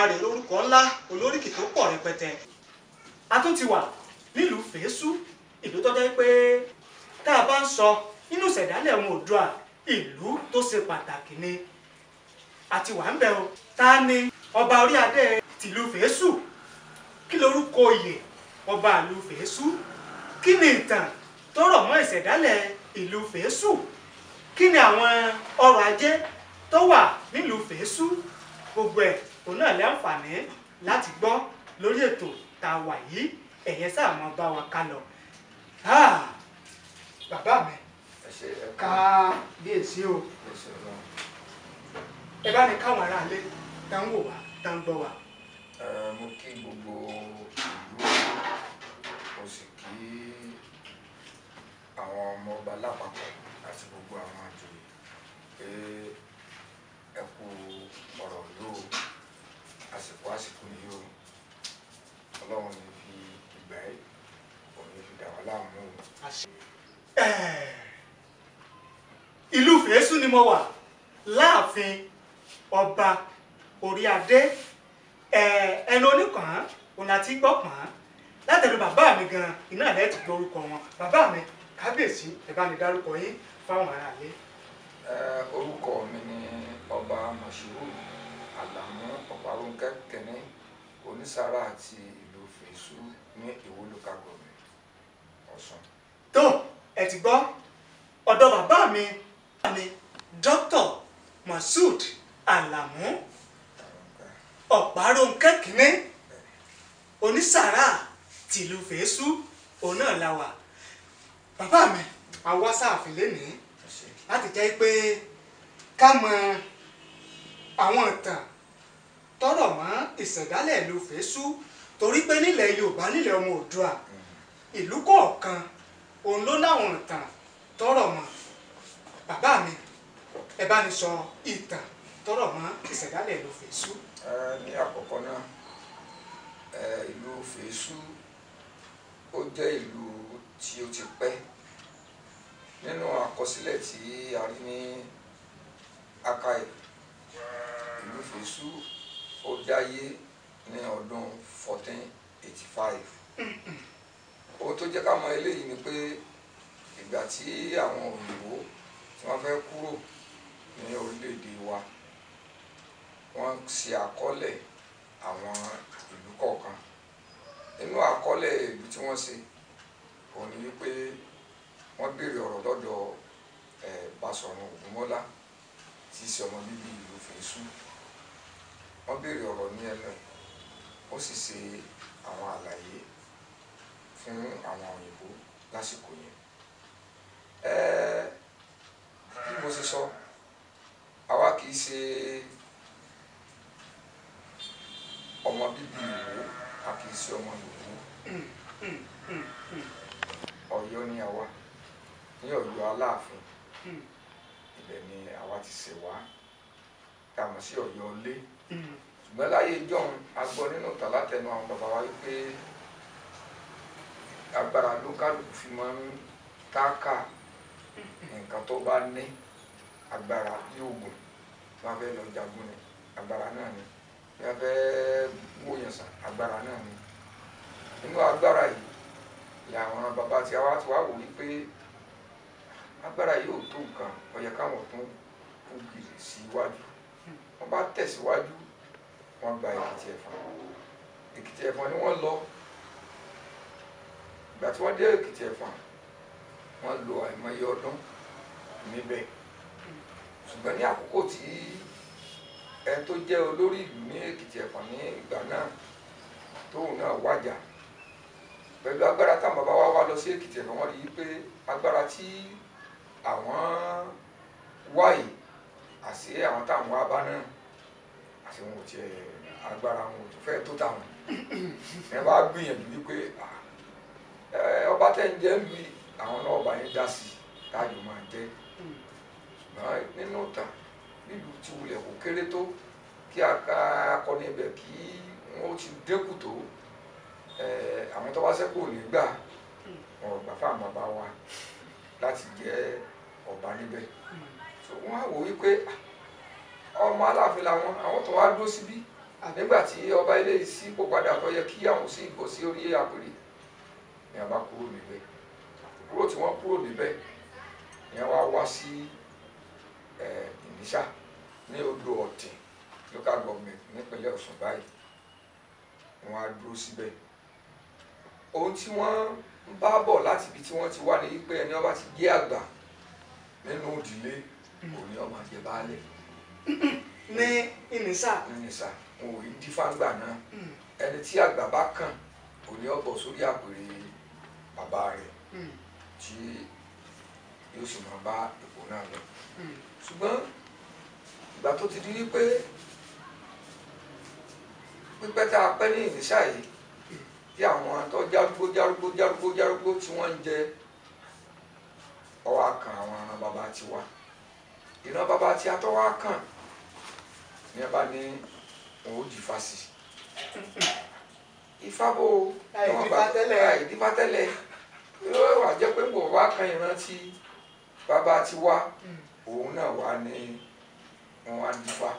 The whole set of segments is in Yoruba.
Olódùmarè lórúkọ ńlá olóríkì tó pọ̀ rẹpẹtẹ a tún ti wà nílùú fèésù ìlú tó jẹ́ pé tá a bá ń sọ nínú ìṣẹ̀dálẹ̀ ohun Oòduà ìlú tó ṣe pàtàkì ni àti wà ń bẹ̀ o ta ni ọba orí adé tìlú fèésù kí lorúkọ oyè ọba ìlú fèésù kí ni ìtàn tó rọ̀ mọ́ ìṣẹ̀dálẹ̀ ìlú fèésù kí ni àwọn ọrọ̀ ajé tó wà nílùú fèésù gbogbo ẹ̀ òun náà lẹ́ àǹfààní láti gbọ́ lórí ètò tá a wà yìí ẹ̀yẹ sáà máa bá wa ká lọ. bàbá mi kábíyèsí o ẹ bá ní káwọn aráalé tá ń wò wá tá ń gbọ́ wá. mo kí gbogbo ìlú mo sì kí àwọn ọmọ ọba lápapọ̀ àti gbogbo àwọn àjòyè pé ẹ kú ọ̀rọ̀ yóò àsìkò àsìkò yìí o ọlọ́run ní fi ìgbà ẹ̀ òní fi dà wá láàmú o. ìlú fèésù ni mo wà láàfin ọba orí adé ẹnu oníkan òun àti gbọ̀pọ̀n látẹ̀lú bàbá mi gan iná ẹ̀ ti gbórúkọ wọn bàbá mi kábíyèsí ẹ̀ bá mi dárúkọ yín fáwọn aráàlú. orúkọ mi ni ọba mọ̀ṣúrù àlàmú ọ̀párọ̀nkẹ́ kẹ́ni onísàárà àti ìlú fèsù ní ìwó local government ọ̀sán. tó ẹ ti gbọ́ ọ̀dọ̀ bàbá mi ni dr masud alamu ọ̀párọ̀nkẹ́ kínní onísàárà tìlú fèsù òun náà la wà bàbá mi àwa sáàfin lénìí láti jẹ́ pé ká mọ àwọn ìtàn tọrọ mọ́ ìṣẹ̀dálẹ̀ ìlú fèésù torí pé nílẹ̀ yorùbá nílẹ̀ ọmọ òdua ìlú kọ̀ọ̀kan òun ló láwọn ìtàn tọrọ mọ́ bàbá mi ẹ bá ní sọ ìtàn tọrọ mọ́ ìṣẹ̀dálẹ̀ ìlú fèésù. ní àkọ́kọ́ náà ìlú fèésù ó jẹ́ ìlú tí ó ti pẹ́ nínú àkọsílẹ̀ tí a rí ní akai Alúfisú ó dáyé ní ọdún 1485 ohun tó jẹ́ ká mọ eléyìí ni pé ìgbà tí àwọn òyìnbó tí wọ́n fẹ́ kúrò ní orílẹ̀-èdè wa wọ́n ṣe àkọọ́lẹ̀ àwọn ìlú kọ̀ọ̀kan nínú àkọọ́lẹ̀ ìlú tí wọ́n ṣe òun ni wípé wọ́n béèrè ọ̀rọ̀ lọ́dọ̀ Basọ̀run Ògúnmọ́lá tí í ṣe ọmọ bíbí ìlú Fèésù wọ́n béèrè ọ̀rọ̀ ní ẹnu ó sì ṣe àwọn àlàyé fún àwọn òyìnbó lásìkò yẹn bí mo ṣe sọ àwa kì í ṣe ọmọ bíbí ìwò a kì í ṣe ọmọ ìwò Ọ̀yọ́ ni àwa ní Ọ̀yọ́ Aláàfin hmm. ibẹ̀ ni àwa ti ṣẹ̀ wá tá sí Ọ̀yọ́ ilé ṣùgbọ́n láyé ìjọ́un a gbọ́ nínú tàlátẹnu àwọn bàbá wa wípé agbára ló kálukú fi máa ń táàkà nǹkan tó bá ní agbára bí oògùn tí wọ́n fẹ́ lọ jagun ni agbára náà ni tí wọ́n fẹ́ wòyàn sàn agbára náà ni nínú agbára yìí làwọn bàbá tí a wá ti wá wò wípé agbára yìí ò tó nǹkan ó káwọn tún kú gìrì síwájú wọ́n bá tẹ̀síwájú wọ́n gba èkìtì ẹ̀fọn èkìtì ẹ̀fọn ni wọ́n lọ ìgbà tí wọ́n dé èkìtì ẹ̀fọn wọ́n lo àìmọye ọdún níbẹ̀ ṣùgbọ́n ní àkókò tí ẹni tó jẹ́ olórí ìlú ní èkìtì ẹ̀fọn ní ìgbà náà tóun náà wájà pẹ̀lú agbára táwọn bàbá wa wá lọ sí èkìtì ẹ̀fọn wọ́n rí i pé agbára tí àwọn wáyé àṣé àwọn táwọn wá náà àti wọn ò tiẹ̀ agbára wọn ò tó fẹ́ tó táwọn ẹ bá gbìyànjú wípé ọba tẹ̀ ń jẹ́ lu àwọn náà ọba yẹn dá sí táàjù máa jẹ́ nínú ìta nílùú tí wulẹ̀ kò kéré tó kí akọni ibẹ̀ kí wọ́n ti dẹ́kù tó àwọn tó bá ṣẹ́kù ò ní gbà wọn ò gbà fáwọn bàbá wa láti jẹ́ ọba níbẹ̀ so á wò wípé ah ọmọ aláàfin làwọn àwọn tó wá dúró síbí nígbà tí ọba eléyìí sípò padà tó yẹ kí àwọn sì bọ̀ sí orí àpèrè ni a bá kúrò níbẹ̀ kúrò tí wọ́n kúrò níbẹ̀ ni a wá wá sí ìníṣà ní odò ọ̀tìn local government nípínlẹ̀ Ọ̀ṣun báyìí wọ́n á dúró síbẹ̀ ohun tí wọ́n ń bá bọ̀ láti ibi tí wọ́n ti wà ní pé ẹni ọba ti jẹ́ àgbà nínú ìdílé òní ọmọ àjẹ ní ìnísà. ìnísà kò rí dífàǹgbà náà hmm. ẹni tí àgbà bá kàn kò ní ọ̀bọ̀ sórí àpèrè bàbá rẹ̀ hmm. tí yóò sì máa bá ipò náà lọ. Hmm. ṣùgbọ́n ìgbà tó ti di wípé pípẹ́ tá a pẹ́ ní ìnísà yìí tí àwọn tó járúgbó járúgbó járúgbó járúgbó tí wọ́n ń jẹ ọwọ́ àkàn àwọn bàbá tiwa ìran bàbá tí a wá kàn ní ẹ bá ní òun jì fásì ifá bò ó àìdífá tẹ́lẹ̀ yóò wà jẹ́ pé kò wá kan ìrántí bàbá ti wá hmm. òun náà wà ní wọn á dífá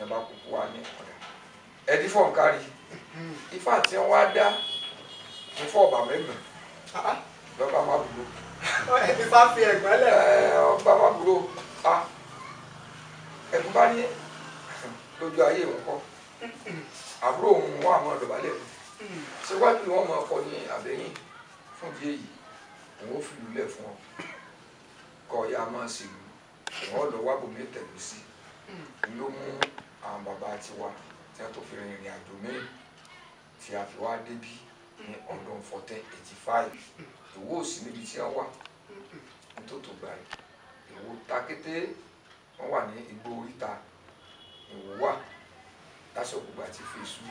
ẹ bá kúkú wá ní ọ̀dà ẹdífọ̀ ń kárí hmm. ifá tí wọ́n wá dá ifọ̀ ọ̀bà mẹ́mẹ́ ah. lọ́ba má bùrọ̀ ẹni bá fi ẹ̀gbọ́n lẹ̀ ọba má bùrọ̀ ah. ẹ̀gbọ́n bá ní lójú ayé wọn kọ́ àbúrò òun wọn àwọn ọ̀dọ̀bálẹ̀ mu síwájú wọn máa kọ ní àbẹ́yìn fún díẹ̀ yìí òun ó fi lulẹ̀ fún ọ kọ ya máa sì lù òun ọ̀dọ̀ wá bòmí tẹ̀lé sí ló mú àwọn bàbá tiwa tí a tó fi rìnrìn àjò mẹ́rin tí a fi wá débí ní ọdún fourteen eighty five ìwọ òsì níbi tí wọ́n wà nítòtò gbà yìí ìwọ takété wọ́n wà ní igbó oríta ìwọ wà sòkùgbà ti fi sú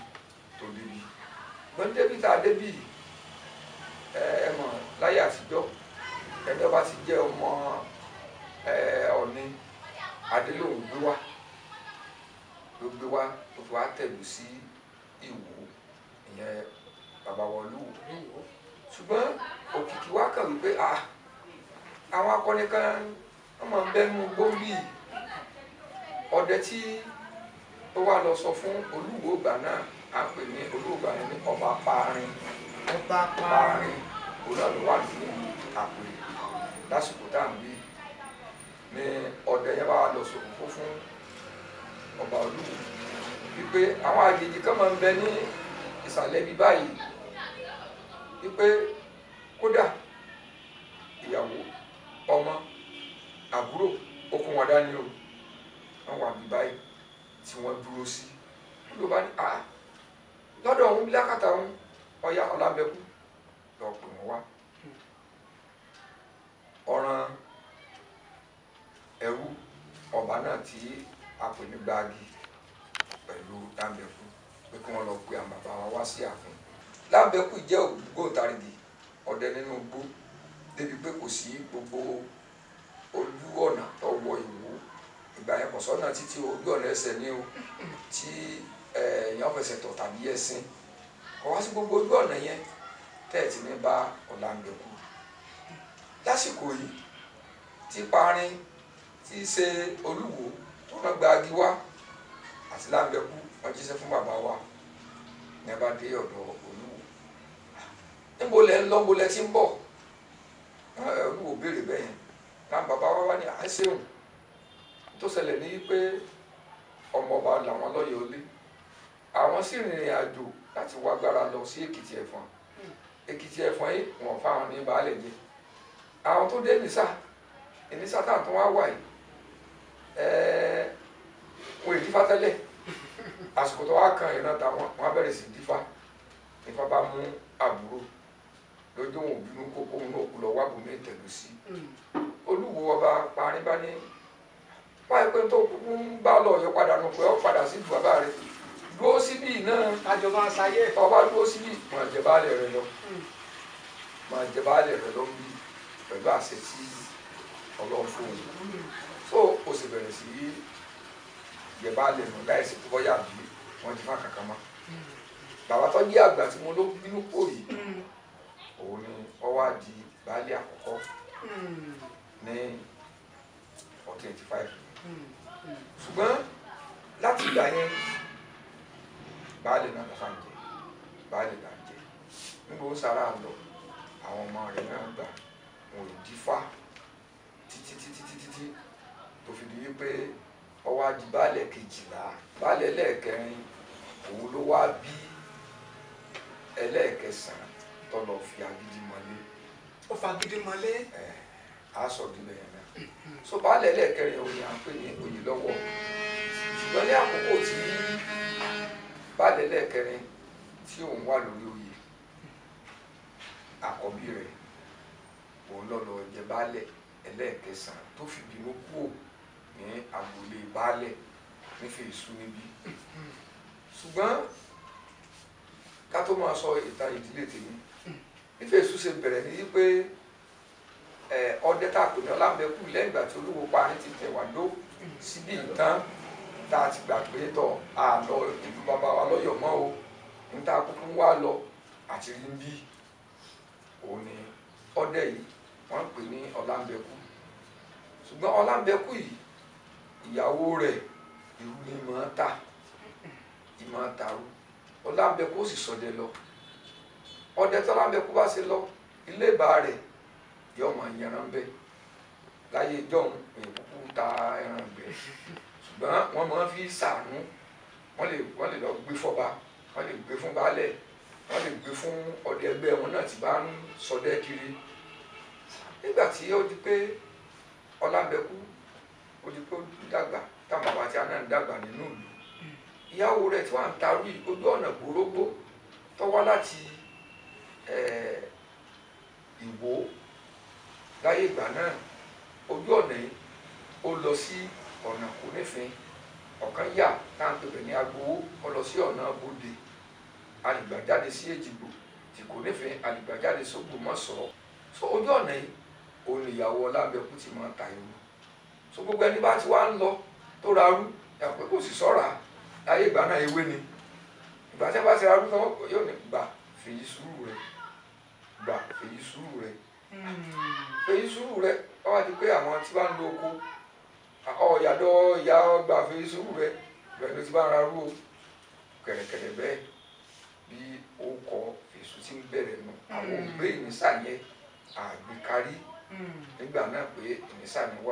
tó débi gbọ́n débi tá a débi ẹ mọ̀ láyé àtijọ́ ẹjọ́ bá ti jẹ́ ọmọ ọ̀ni adélòhùn gbé wá ló gbé wá ló fi wá tẹ̀lú sí ìwò ìyẹn bàbá wọlú ṣùgbọ́n òkìkí wá kàn wípé àwọn akọni kan wọ́n máa ń bẹ́nu gbóǹbì tí ó wá lọ sọ fún olúwo ìgbà náà à ń pè ní olúwo ìgbà ní ọba paarin ọba paarin olùwàlúwà ní àpè lásìkò tá à ń bí ní ọdẹ yẹn wá lọ sòkòkò fún ọba olúwo wípé àwọn àjèjì kan máa ń bẹ ní ìsàlẹ̀ bí báyìí wípé kódà ìyàwó ọmọ àbúrò okun wọn dání o wọn wà bí báyìí tí wọ́n dúró sí yorùbá ní ah lọ́dọ̀ òun bí lákàtà òun ọ̀yá ọ̀làbẹ̀kú lọ pè wọ́n wá ọ̀ràn ẹ̀rú ọ̀bá náà tí a pè ní gbági pẹ̀lú lábẹ́kú pé kí wọ́n lọ pe àwọn bàbá wa wá sí àfún lábẹ́kú jẹ́ ògbóǹtarìgì ọdẹ nínú igbó débi pé kò sí gbogbo ojú ọ̀nà tọ́wọ́ ìwọ kò sọ́nà títí ojú ọ̀nà ẹsẹ̀ ni o tí èèyàn fẹsẹ̀ tọ̀ tàbí ẹṣin kò gbogbo ojú ọ̀nà yẹn tẹ́ẹ̀tì ní bá ọ̀làǹdẹ̀kù lásìkò yìí ti parin tí í ṣe olúwo àti fún wa béèrè wá tó ṣẹlẹ̀ ní pé ọmọọba làwọn lọ́yọ̀ọ́ lé àwọn sì rìnrìn àjò láti wá agbára lọ sí èkìtì ẹ̀fọn èkìtì ẹ̀fọn yìí wọ́n fáwọn ní baálẹ̀ jẹ àwọn tó dé nìsà nìsà táwọn tó wá wà yìí eh, wọn èdí fatẹ́lẹ̀ àsìkò tó wá kan ìran táwọn wọn bẹ̀rẹ̀ sí dífá nípa bá mú àbúrò lọ́jọ́ òun bínú kókó òun náà kú lọ wá bùnmí ìtẹ̀lú sí hmm. olúwo ọba parí bá ní báyìí pé tó kúkú ń bá lọ yọ padà nù pé ó padà sí ìlú bàbá rẹ dúró síbí náà àjọba àṣàyẹ ọba dúró síbí máa jẹ baálé rẹ lọ hmm. máa jẹ baálé rẹ lọ bí pẹ̀lú àṣẹ tí ọlọ́run fún un hmm. so o sì bẹ̀rẹ̀ sí í jẹ baálé nù láìsí tó bọ́yà bí wọ́n ti fà kankan mọ́ hmm. bàbá tó jẹ́ àgbà tí mo ló bínú pò yìí òun ni ó wá di baálé àkọ́kọ́ ní fourteen eighty five ṣùgbọ́n láti ìgbà yẹn baálé náà lọ́fà ń jẹ baálé là ń jẹ nígbà ó sára lọ àwọn ọmọ rẹ̀ náà gbà wọn ò dífá títí títí títí tó fi di wípé ọwọ́ adi baálé kejìlá baálé lẹ́ẹ̀kẹrin òun ló wá bí ẹlẹ́ẹ̀kẹsàn-án tọ́lọ̀ fi agídí mọ́lé. ó fa agídí mọ́lé. ẹ á sọ ìdílé yẹn náà so baálẹ̀ ẹlẹ́ẹ̀kẹrin òye à ń pè ní oyè lọ́wọ́ ṣùgbọ́n ní àkókò tí baálẹ̀ ẹlẹ́ẹ̀kẹrin tí òun wà lórí oyè àkọ́bí rẹ̀ òun lọ́lọ́ jẹ baálẹ̀ ẹlẹ́ẹ̀kẹsàn tó fi bínú kúò ní agboolé baálẹ̀ nífẹ̀ẹ́ ìsú níbí ṣùgbọ́n ká tó máa sọ ìtàn ìdílé tèmi nífẹ̀ẹ́ ìsú ṣe bẹ̀rẹ̀ ní wípé. ọdẹ tá a pè ní ọlámẹkù lẹ́yìn ìgbà tí olúwo parí ti ta síbi tá a ti gbà pé ìlú bàbá wa lọ́yọ̀ o ní tá a kúkú wá lọ àti rí bí ni ọdẹ yìí wọn pè ní ọlámẹkù ọlámẹkù yìí ìyàwó ni mọ̀ ta ìmọ̀ ń ọlámẹkù ó sì sọdẹ lọ ọdẹ bá ṣe lọ ilé ìbá yóò mọ ẹran bẹ láyé jọ̀hún èkúkú ta ẹran gbẹ ṣùgbọ́n wọ́n máa fi sàánú wọ́n lè wọ́n lè lọ gbé fọba wọ́n lè gbé fún baálẹ̀ wọ́n lè gbé fún ọdẹ ẹgbẹ́ wọn náà ti bá ń ṣọdẹ kiri nígbà tí ó di pé ọlábẹ́kú ó di pé ó dàgbà táwọn bàbá tí a náà ń dàgbà nínú ìlú ìyàwó rẹ̀ tí wọ́n ń ta orí ojú ọ̀nà gbòrógbó tó wá láti láyé ìgbà náà ojú ọ̀nà yìí ó lọ sí ọ̀nà kò nífin ọ̀kan yà táwọn pèpè ní agbowó ó lọ sí ọ̀nà bòde alìgbàjáde sí èjìgbò tí kò nífin alìgbàjáde sógbòmọ̀ṣọ́ so ojú ọ̀nà yìí òun ìyàwó ọlábẹ́kú ti máa ta ìlú so gbogbo ẹni bá ti wá ń lọ tó ra rú ẹ̀ pé kò sì sọ́ra láyé ìgbà náà ewé ni ìgbà tí wọ́n bá ti ra rú tán yóò ní gbà fèyí sùúrù rẹ̀ gbà fèyí sùúrù rẹ̀. Hmm. sùúrù rẹ wọ́n wá di pé àwọn tí bá ń lo oko ọ̀yàdọ̀ ìyá ọgbà fi rẹ bẹ̀rẹ̀ ló ti bá ara rú o kẹ̀rẹ̀kẹ̀rẹ̀ bẹ́ẹ̀ bí ó kọ èso tí ń bẹ̀rẹ̀ nù àwọn hmm. òǹgbé ìmísà yẹn àgbékarí hmm. nígbà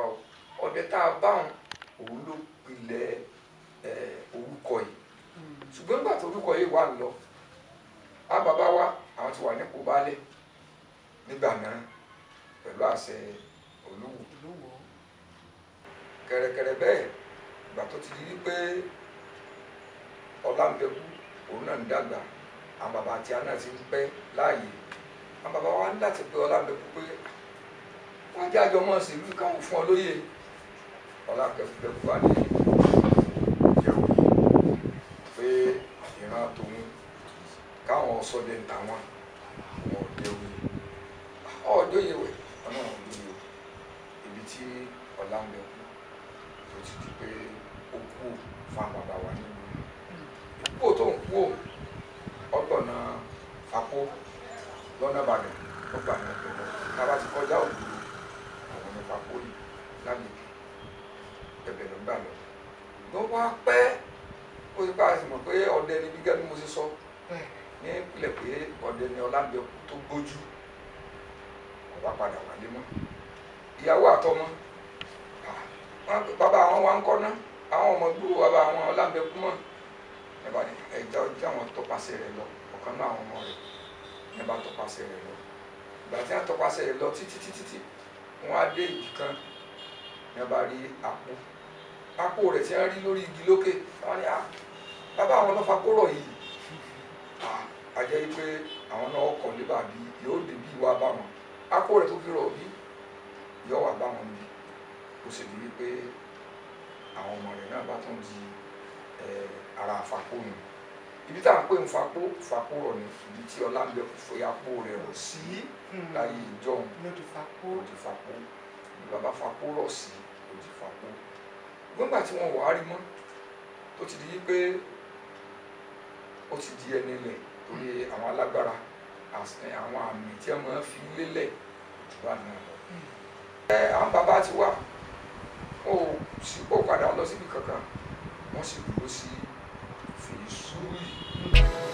o ọdẹ tá a òun orúkọ yìí hmm. ṣùgbọ́n nígbà orúkọ yìí wà wa àwọn wà nígbà náà pẹ̀lú àṣẹ Olúwo kẹ̀rẹ̀kẹ̀rẹ̀ bẹ́ẹ̀ ìgbà tó ti di wípé Ọlámbẹ̀kú òun náà ń dàgbà àwọn bàbá àti àná ti ń pẹ́ láàyè àwọn bàbá wa ń láti pé Ọlámbẹ̀kú pé wọ́n jẹ́ àjọ mọ́ sí ìlú káwọn fún ọ lóye Ọlámbẹ̀kú wà ní yẹ̀wò pé ìran tòun káwọn ọ̀sọ́dẹ̀ ń tàwọn wọn ò déwì tí ọ̀la ń lẹ̀kú tó ti di pé ó kú fáwọn bàbá wa nínú ìkúkò tó ń kú ọgbọ̀nà fakó lọ́nà ìbàdàn ó gbà ní ọ̀gbọ̀nà tá a bá ti kọjá òdúró àwọn ọmọ fakó yìí lágbègbè ẹ̀bẹ̀ ló ń gbà lọ ló wá pẹ́ ó ti bá a sì mọ̀ pé ọdẹ ni bí gẹ́gẹ́ mo ṣe sọ ní ìpìlẹ̀ pé ọdẹ ni ọlámbẹ́kú tó gbójú ọba padà wálé mọ́ ìyàwó àtọmọ ah, bàbá àwọn wa ń kọ́ ná àwọn ọmọ gbúrò bàbá àwọn ọlámbẹ́kú mọ̀ ẹ̀bà ni ẹ̀já ọjọ́ àwọn tọpasẹ̀ rẹ̀ lọ ọ̀kan náà àwọn ọmọ rẹ̀ ẹ̀bà tọpasẹ̀ rẹ̀ lọ ìgbà tí wọ́n tọpasẹ̀ rẹ̀ lọ títí títí tí wọ́n á dé ìdí kan ẹ̀bà rí àpò àpò rẹ̀ tí wọ́n rí lórí igi lókè wọ́n ní à ah, bàbá àwọn lọ́fà kórọ̀ yìí àjẹ́ ah, yìí pé àwọn náà kọ̀ lébà bí yóò dé bí wá bá wọn àpò rẹ̀ tó fi rọ̀ bíi yọ wà bá wọn bí ó sì di wípé àwọn ọmọ rẹ̀ náà bá tún di ara àfàpò nù ibi tá à ń pè ń fapó fapó rọ ni ibi tí ọlá ń bẹ fòyàpó rẹ rọ sí hmm. láyé ìjọhún lòdì fapó lòdì fapó bàbá fapó rọ sí lòdì fapó nígbà tí wọn wàá rí mọ tó ti di wípé ó ti di ẹni lẹ̀ torí àwọn alágbára àwọn àmì tí wọn fi lélẹ̀ jù náà lọ. Hmm ẹ àwọn bàbá ti wá ó sì ó padà lọ síbi kankan wọ́n sì dúró sí fèsù yìí.